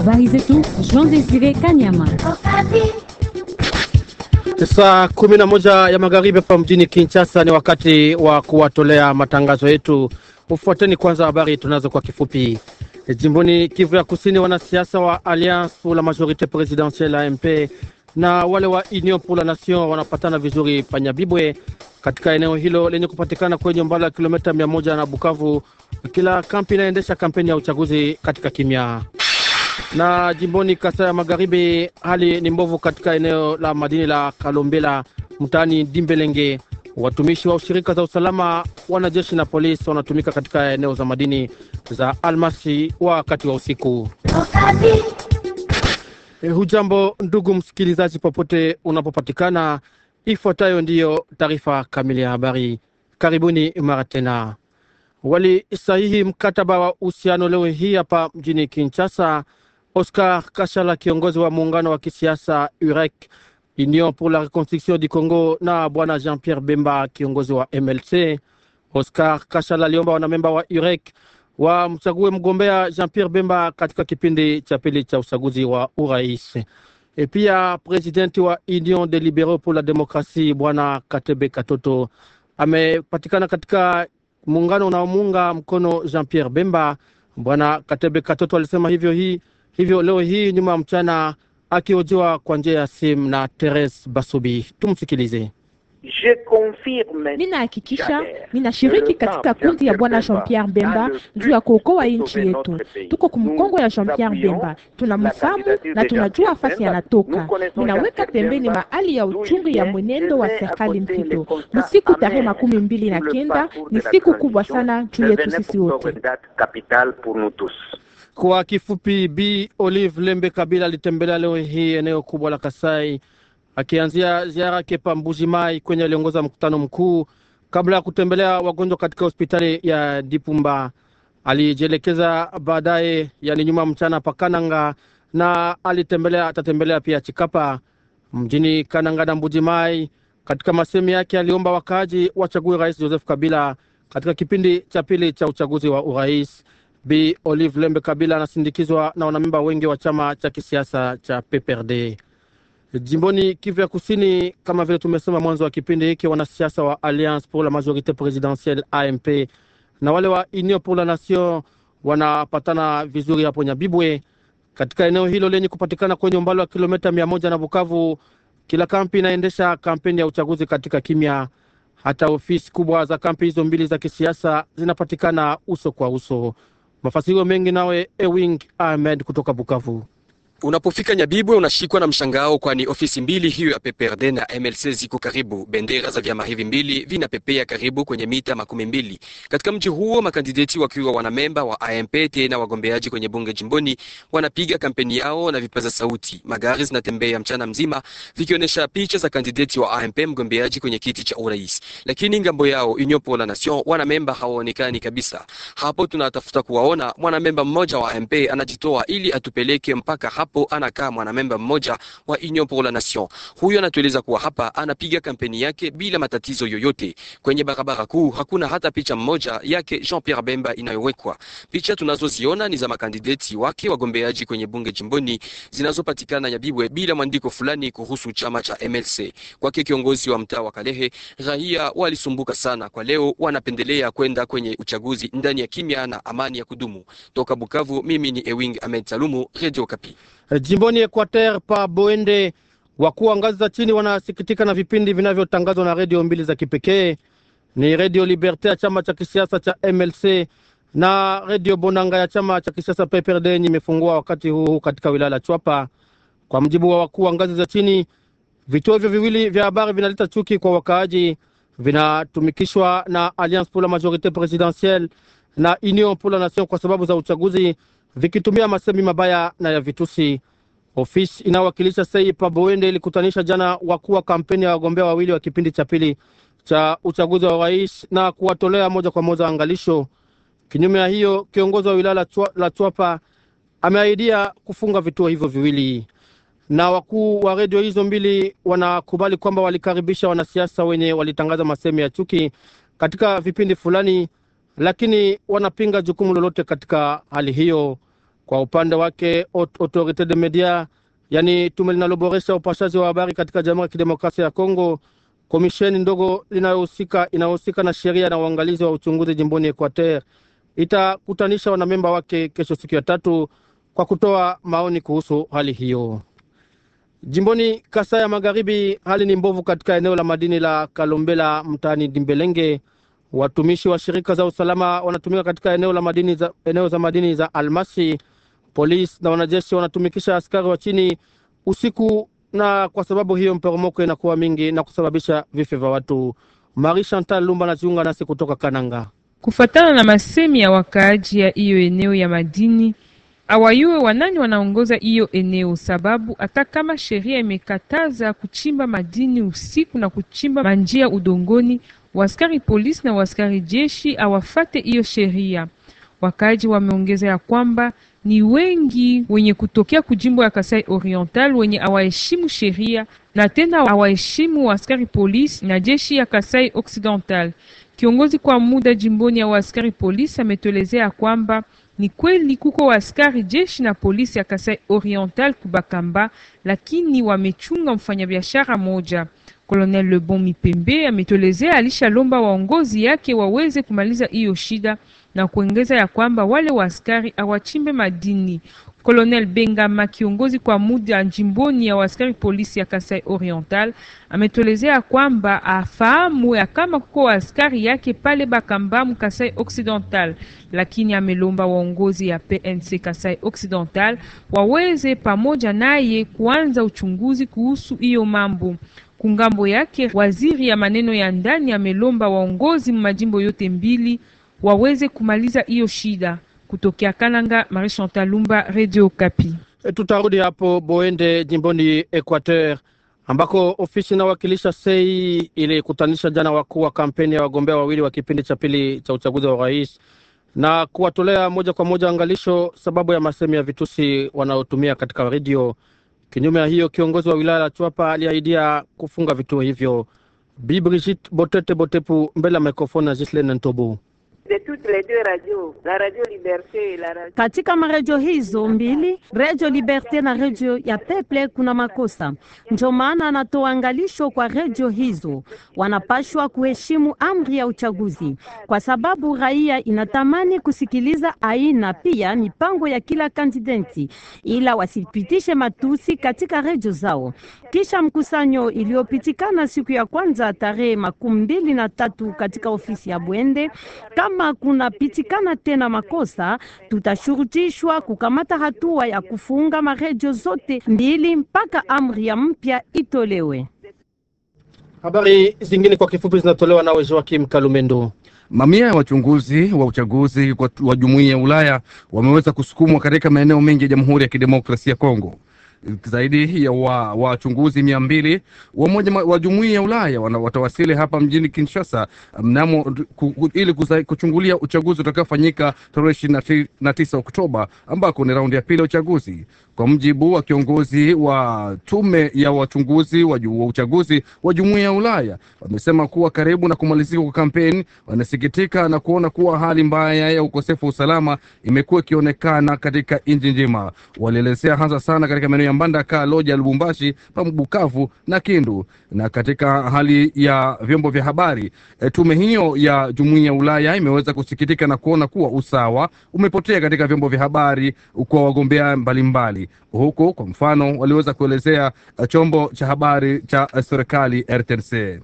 Habari zetu Jean Desire Kanyama. Saa kumi na moja ya magharibi hapa mjini Kinshasa, ni wakati wa kuwatolea matangazo yetu. Ufuateni kwanza habari tunazo kwa kifupi. Jimboni Kivu ya Kusini, wanasiasa wa Alliance pour la Majorite Presidentielle AMP na wale wa Union pour la Nation wanapatana vizuri Panyabibwe, katika eneo hilo lenye kupatikana kwenye umbali wa kilomita mia moja na Bukavu. Kila kampi inaendesha kampeni ya uchaguzi katika kimya. Na jimboni Kasai ya Magharibi, hali ni mbovu katika eneo la madini la Kalombela mtaani Dimbelenge. Watumishi wa ushirika za usalama, wanajeshi na polisi wanatumika katika eneo za madini za almasi wakati wa usiku. E, hujambo ndugu msikilizaji, popote unapopatikana, ifuatayo ndiyo taarifa kamili ya habari. Karibuni mara tena. Walisahihi mkataba wa uhusiano leo hii hapa mjini Kinshasa Oscar Kashala, kiongozi wa muungano wa kisiasa UREC Union pour la Reconstruction du Congo, na bwana Jean-Pierre Bemba, kiongozi wa MLC. Oscar Kashala aliomba wanamemba wa UREC wamchague mgombea Jean-Pierre Bemba katika kipindi cha pili cha uchaguzi wa urais. E pia presidenti wa Union des Liberaux pour la Demokrasi bwana Katebe Katoto amepatikana katika muungano unaomuunga mkono Jean-Pierre Bemba. Bwana Katebe Katoto alisema hivyo hii hivyo leo hii nyuma ya mchana akihojiwa kwa njia ya simu na Therese Basubi. Tumsikilize. Ninahakikisha ninashiriki katika kundi ya bwana Jean Pierre Bemba juu ya kuokoa nchi yetu. Tuko kumkongo ya Jean Pierre Bemba, tunamfahamu na tunajua fasi anatoka. Ninaweka pembeni mahali ya uchungi ya mwenendo wa serikali mpito. Ni siku tarehe makumi mbili na kenda ni siku kubwa sana juu yetu sisi wote. Kwa kifupi, b Olive Lembe Kabila alitembelea leo hii eneo kubwa la Kasai akianzia ziara yake pa Mbuji Mai kwenye aliongoza mkutano mkuu kabla ya kutembelea wagonjwa katika hospitali ya Dipumba. Alijielekeza baadaye, yani nyuma mchana, pa Kananga na alitembelea atatembelea pia Chikapa mjini Kananga na Mbuji Mai. Katika masemi yake aliomba wakaaji wachague Rais Joseph Kabila katika kipindi cha pili cha uchaguzi wa urais. Bi Olive Lembe Kabila anasindikizwa na wanamemba wengi wa chama cha kisiasa cha PPRD jimboni Kivu ya Kusini. Kama vile tumesema mwanzo wa kipindi hiki, wanasiasa wa Alliance pour la Majorite Presidentielle AMP na wale wa Union pour la Nation wanapatana vizuri hapo Nyabibwe, katika eneo hilo lenye kupatikana kwenye umbali wa kilomita mia moja na Bukavu. Kila kampi inaendesha kampeni ya uchaguzi katika kimya. Hata ofisi kubwa za kampi hizo mbili za kisiasa zinapatikana uso kwa uso. Mafasirio mengi nawe Ewing Ahmed kutoka Bukavu. Unapofika Nyabibwe unashikwa na mshangao, kwani ofisi mbili hiyo ya PPRD na MLC ziko karibu. Bendera za vyama hivi mbili vinapepea karibu kwenye mita makumi mbili katika mji huo, makandideti wakiwa wanamemba wa AMP tena wagombeaji kwenye bunge jimboni wanapiga kampeni yao na vipaza sauti. Magari zinatembea mchana mzima vikionyesha picha za kandideti wa AMP mgombeaji kwenye kiti cha urais, lakini ngambo yao Union pour la Nation wanamemba hawaonekani kabisa. Hapo tunatafuta kuwaona mwanamemba mmoja wa AMP anajitoa ili atupeleke mpaka hapo ambapo anakaa mwanamemba mmoja wa Union pour la Nation. Huyo anatueleza kuwa hapa anapiga kampeni yake bila matatizo yoyote. Kwenye barabara kuu hakuna hata picha mmoja yake Jean Pierre Bemba inayowekwa. Picha tunazoziona ni za makandideti wake wagombeaji kwenye bunge jimboni zinazopatikana Nyabibwe bila mwandiko fulani kuhusu chama cha MLC. Kwake kiongozi wa mtaa wa Kalehe, raia walisumbuka sana kwa leo, wanapendelea kwenda kwenye uchaguzi ndani ya kimya na amani ya kudumu. Toka Bukavu, mimi ni Ewing Ahmed Salumu, Radio Kapi. Eh, jimboni Equateur pa Boende, wakuu wa ngazi za chini wanasikitika na vipindi vinavyotangazwa na redio mbili za kipekee, ni redio Liberte ya chama cha kisiasa cha MLC na redio Bonanga ya chama cha kisiasa PPRD yenye imefungua wakati huu katika wilaya la Chwapa. Kwa mjibu wa wakuu wa ngazi za chini, vituo hivyo viwili vya habari vinaleta chuki kwa wakaaji, vinatumikishwa na Alliance pour la Majorite Presidentielle na Union pour la Nation kwa sababu za uchaguzi, vikitumia masemi mabaya na ya vitusi. Ofisi inayowakilisha Sei Pabowende ilikutanisha jana wakuu wa kampeni ya wagombea wawili wa kipindi cha pili cha uchaguzi wa rais na kuwatolea moja kwa moja angalisho. Kinyume ya hiyo, kiongozi wa wilaya la Chwapa ameahidia kufunga vituo hivyo viwili, na wakuu wa redio hizo mbili wanakubali kwamba walikaribisha wanasiasa wenye walitangaza masemi ya chuki katika vipindi fulani, lakini wanapinga jukumu lolote katika hali hiyo. Kwa upande wake Autorite de Media, yani tume linaloboresha upashaji wa habari katika Jamhuri ya Kidemokrasia ya Kongo, komisheni ndogo inayohusika inayohusika na sheria na uangalizi wa uchunguzi jimboni Equateur itakutanisha wanamemba wake kesho siku ya tatu kwa kutoa maoni kuhusu hali hiyo. Jimboni Kasai ya Magharibi, hali ni mbovu katika eneo la madini la Kalombela mtaani Dimbelenge. Watumishi wa shirika za usalama wanatumika katika eneo la madini za, eneo za madini za almasi Polisi na wanajeshi wanatumikisha askari wa chini usiku, na kwa sababu hiyo mporomoko inakuwa mingi na kusababisha vifo vya watu. Marie Chantal Lumba anajiunga nasi kutoka Kananga. Kufatana na masemi ya wakaaji ya hiyo eneo ya madini, awayue wanani wanaongoza hiyo eneo, sababu hata kama sheria imekataza kuchimba madini usiku na kuchimba manjia udongoni, waskari polisi na waskari jeshi awafate hiyo sheria. Wakaaji wameongeza ya kwamba ni wengi wenye kutokea kujimbo ya Kasai Oriental wenye awaheshimu sheria na tena awaheshimu askari polisi na jeshi ya Kasai Occidental. Kiongozi kwa muda jimboni ya askari polisi ametuelezea kwamba ni kweli kuko waaskari jeshi na polisi ya Kasai Oriental kubakamba, lakini wamechunga mfanyabiashara moja. Colonel Lebon Mipembe ametuelezea alishalomba waongozi yake waweze kumaliza hiyo shida na kuongeza ya kwamba wale wa askari awachimbe madini. Colonel Bengama, kiongozi kwa muda jimboni ya waaskari polisi ya Kasai Oriental, ametuelezea kwamba afahamu ya kama kuko waaskari yake pale Bakambamu Kasai Occidental, lakini amelomba waongozi ya PNC Kasai Occidental waweze pamoja naye kuanza uchunguzi kuhusu hiyo mambo. Kungambo yake, waziri ya maneno ya ndani amelomba waongozi majimbo yote mbili waweze kumaliza hiyo shida. Kutokea Kananga, Marie Chantal Lumba, Radio Kapi. Eh, tutarudi hapo Boende jimboni Equateur ambako ofisi inawakilisha sei ilikutanisha jana wakuu wa kampeni ya wagombea wawili wa kipindi cha pili cha uchaguzi wa urais na kuwatolea moja kwa moja angalisho sababu ya masemi ya vitusi wanaotumia katika redio. Kinyume ya hiyo, kiongozi wa wilaya ya Chwapa aliahidia kufunga vituo hivyo. Bi Brigit Botete Botepu mbele ya mikrofoni ya Gislene Ntobo de toutes les deux radios, la radio Liberté la radio. Katika maradio hizo mbili, Radio Liberté na radio ya Peple, kuna makosa, ndio maana anatoa angalisho kwa radio hizo. Wanapashwa kuheshimu amri ya uchaguzi, kwa sababu raia inatamani kusikiliza aina pia mipango ya kila kandidenti, ila wasipitishe matusi katika radio zao. Kisha mkusanyo iliyopitikana siku ya kwanza tarehe makumi mbili na tatu katika ofisi ya Bwende kama kama kunapitikana tena makosa, tutashurutishwa kukamata hatua ya kufunga maredio zote mbili mpaka amri ya mpya itolewe. Habari zingine kwa kifupi zinatolewa na Joakim Kalumendo. Mamia ya wachunguzi wa uchaguzi wa jumuiya ya Ulaya wameweza kusukumwa katika maeneo mengi ya Jamhuri ya Kidemokrasia ya Kongo zaidi ya wachunguzi wa mia mbili wa, wa jumuiya ya Ulaya watawasili hapa mjini Kinshasa mnamo ku, ili kuchungulia uchaguzi utakaofanyika tarehe ishirini na tisa Oktoba ambako ni raundi ya pili ya uchaguzi. Kwa mjibu wa kiongozi wa tume ya wachunguzi wa uchaguzi wa jumuiya ya Ulaya, wamesema kuwa karibu na kumalizika kwa kampeni, wanasikitika na kuona kuwa hali mbaya ya ukosefu wa usalama imekuwa ikionekana katika nchi nzima. Walielezea hasa sana katika maeneo ya Mbandaka, Loja, Lubumbashi, Bukavu na Kindu. Na katika hali ya vyombo vya habari e, tume hiyo ya jumuiya ya Ulaya imeweza kusikitika na kuona kuwa usawa umepotea katika vyombo vya habari kwa wagombea mbalimbali. Huku kwa mfano waliweza kuelezea eh, chombo cha habari cha eh, serikali RTNC.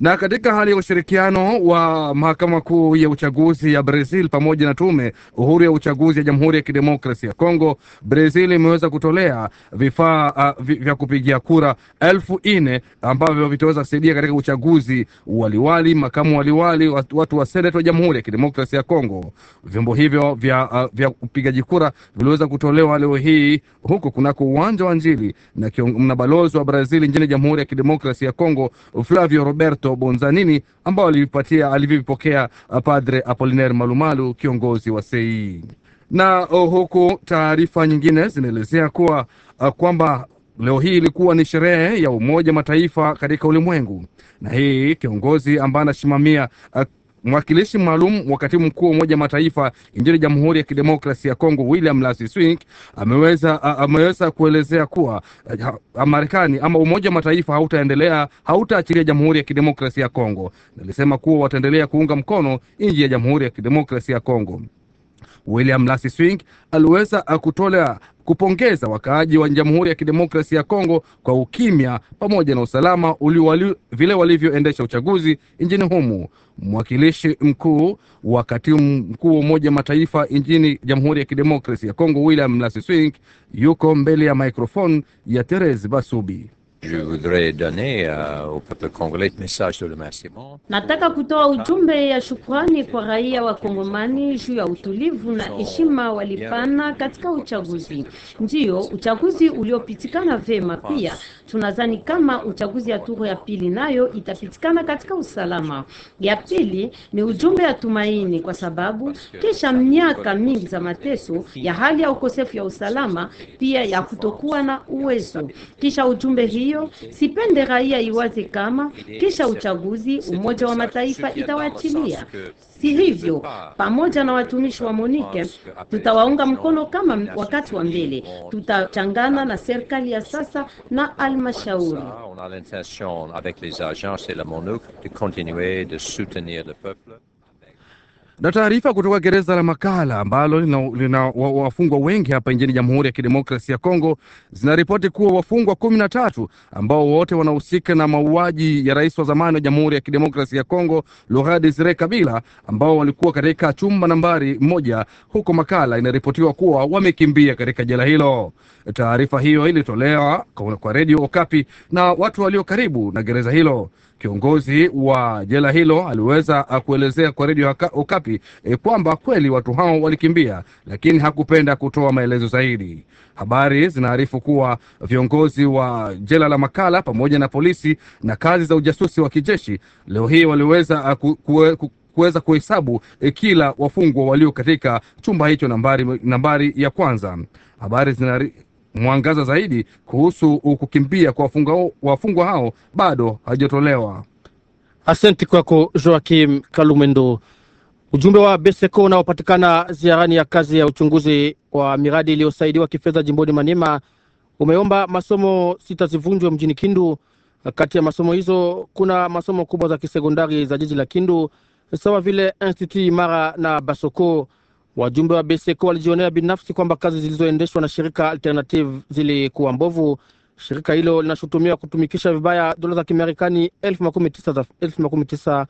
Na katika hali ya ushirikiano wa mahakama kuu ya uchaguzi ya Brazil pamoja na tume uhuru ya uchaguzi ya Jamhuri ya Kidemokrasia ya Kongo, Brazil imeweza kutolea vifaa uh, vya kupigia kura elfu nne ambavyo vitaweza kusaidia katika uchaguzi waliwali, makamu waliwali, watu, wa seneti wa Jamhuri ya Kidemokrasia ya Kongo. Vyombo hivyo vya, uh, vya upigaji kura viliweza kutolewa leo hii huko kunako uwanja wa Njili na, na balozi wa Brazil nchini Jamhuri ya Kidemokrasia ya Kongo Flavio Roberto Festo Bonzanini ambao alivyovipokea uh, Padre Apoliner Malumalu, kiongozi wa sei. Na uh, huku taarifa nyingine zinaelezea kuwa uh, kwamba leo hii ilikuwa ni sherehe ya Umoja Mataifa katika ulimwengu, na hii kiongozi ambaye anasimamia Mwakilishi maalum wa katibu mkuu wa Umoja Mataifa nchini Jamhuri ya Kidemokrasi ya Kongo William Lasi Swink ameweza, ameweza kuelezea kuwa Marekani ama Umoja Mataifa hautaendelea hautaachilia Jamhuri ya Kidemokrasi ya Kongo, nalisema kuwa wataendelea kuunga mkono nchi ya Jamhuri ya Kidemokrasi ya Kongo. William Swing aliweza kutolea kupongeza wakaaji wa Jamhuri ya Kidemokrasia ya Kongo kwa ukimya pamoja na usalama wali, vile walivyoendesha uchaguzi nchini humu. Mwakilishi mkuu wa katibu mkuu wa Umoja Mataifa nchini Jamhuri ya Kidemokrasia ya Kongo William Swing yuko mbele ya mikrofoni ya Therese Basubi. Je voudrais donner uh, au peuple congolais le message de remerciement. Nataka kutoa ujumbe ya shukrani kwa raia wa Kongomani juu ya utulivu na heshima walipana katika uchaguzi. Ndiyo, uchaguzi uliopitikana vema. Pia tunadhani kama uchaguzi ya turu ya pili nayo itapitikana katika usalama. Ya pili ni ujumbe ya tumaini, kwa sababu kisha miaka mingi za mateso ya hali ya ukosefu ya usalama, pia ya kutokuwa na uwezo, kisha ujumbe hii hiyo sipende raia iwaze kama kisha uchaguzi Umoja wa Mataifa itawaachilia. Si hivyo, pamoja na watumishi wa Monike tutawaunga mkono kama wakati wa mbele, tutachangana na serikali ya sasa na almashauri na taarifa kutoka gereza la Makala ambalo lina, lina wafungwa wengi hapa nchini Jamhuri ya Kidemokrasia ya Kongo zinaripoti kuwa wafungwa kumi na tatu ambao wote wanahusika na mauaji ya rais wa zamani wa Jamhuri ya Kidemokrasia ya Kongo Laurent Desire Kabila ambao walikuwa katika chumba nambari moja huko Makala inaripotiwa kuwa wamekimbia katika jela hilo. Taarifa hiyo ilitolewa kwa redio Okapi na watu walio karibu na gereza hilo. Kiongozi wa jela hilo aliweza kuelezea kwa redio Okapi haki e, kwamba kweli watu hao walikimbia, lakini hakupenda kutoa maelezo zaidi. Habari zinaarifu kuwa viongozi wa jela la Makala pamoja na polisi na kazi za ujasusi wa kijeshi leo hii waliweza uh, kuweza kuhesabu e, kila wafungwa walio katika chumba hicho nambari, nambari ya kwanza. Habari zinamwangaza mwangaza zaidi kuhusu kukimbia kwa wafungwa hao bado hajatolewa. Asante kwako Joakim Kalumendo. Ujumbe wa Beseko unaopatikana ziarani ya kazi ya uchunguzi wa miradi iliyosaidiwa kifedha jimboni manema umeomba masomo sita zivunjwe mjini Kindu. Kati ya masomo hizo kuna masomo kubwa za kisekondari za jiji la Kindu sawa vile Institut Imara na Basoko. Wajumbe wa Beseko walijionea binafsi kwamba kazi zilizoendeshwa na shirika Alternative zilikuwa mbovu. Shirika hilo linashutumiwa kutumikisha vibaya dola za Kimarekani elfu makumi tisa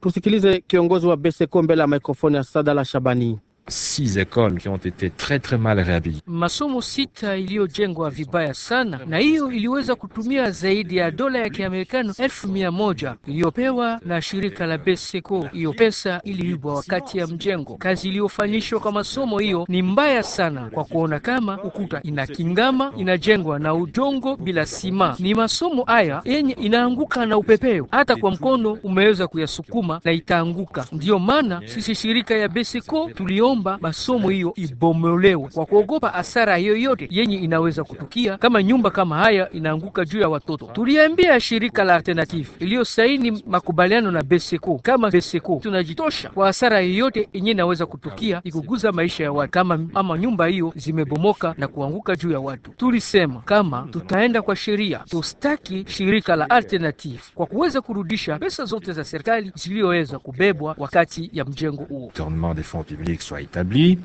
Tusikilize kiongozi wa Beseco mbele ya mikrofoni ya Sadala Shabani six écoles qui ont été très très mal réhabilitées. Masomo sita iliyojengwa vibaya sana, na hiyo iliweza kutumia zaidi ya dola ya kiamerikano elfu mia moja iliyopewa na shirika la Beseco. Hiyo pesa iliibwa wakati ya mjengo. Kazi iliyofanyishwa kwa masomo hiyo ni mbaya sana, kwa kuona kama ukuta inakingama, inajengwa na udongo bila sima. Ni masomo haya yenye inaanguka na upepeo, hata kwa mkono umeweza kuyasukuma na itaanguka. Ndiyo maana sisi shirika ya Beseco tulio tunaomba masomo hiyo ibomolewe kwa kuogopa hasara yoyote yenye inaweza kutukia kama nyumba kama haya inaanguka juu ya watoto. Tuliambia shirika la Alternative iliyosaini makubaliano na Beseko kama Beseko tunajitosha kwa hasara yoyote yenye inaweza kutukia ikuguza maisha ya watu kama ama nyumba hiyo zimebomoka na kuanguka juu ya watu. Tulisema kama tutaenda kwa sheria, tustaki shirika la Alternative kwa kuweza kurudisha pesa zote za serikali zilizoweza kubebwa wakati ya mjengo huo établi.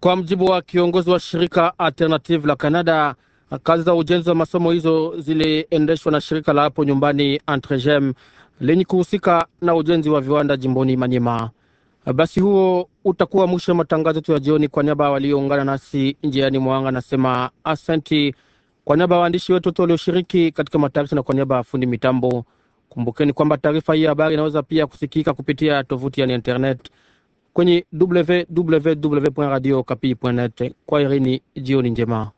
Kwa mjibu wa kiongozi wa shirika Alternative la Canada, kazi za ujenzi wa masomo hizo ziliendeshwa na shirika la hapo nyumbani Entregem lenye kuhusika na ujenzi wa viwanda jimboni Manyema. Basi huo utakuwa mwisho wa matangazo yetu ya jioni. Kwa niaba walioungana nasi njiani mwanga, nasema asanti kwa niaba ya waandishi wetu wote walioshiriki katika matayarisho na kwa niaba ya fundi mitambo. Kumbukeni kwamba taarifa hii habari inaweza pia kusikika kupitia tovuti ya yaani internet kwenye www.radiokapi.net. Kwaherini, jioni njema.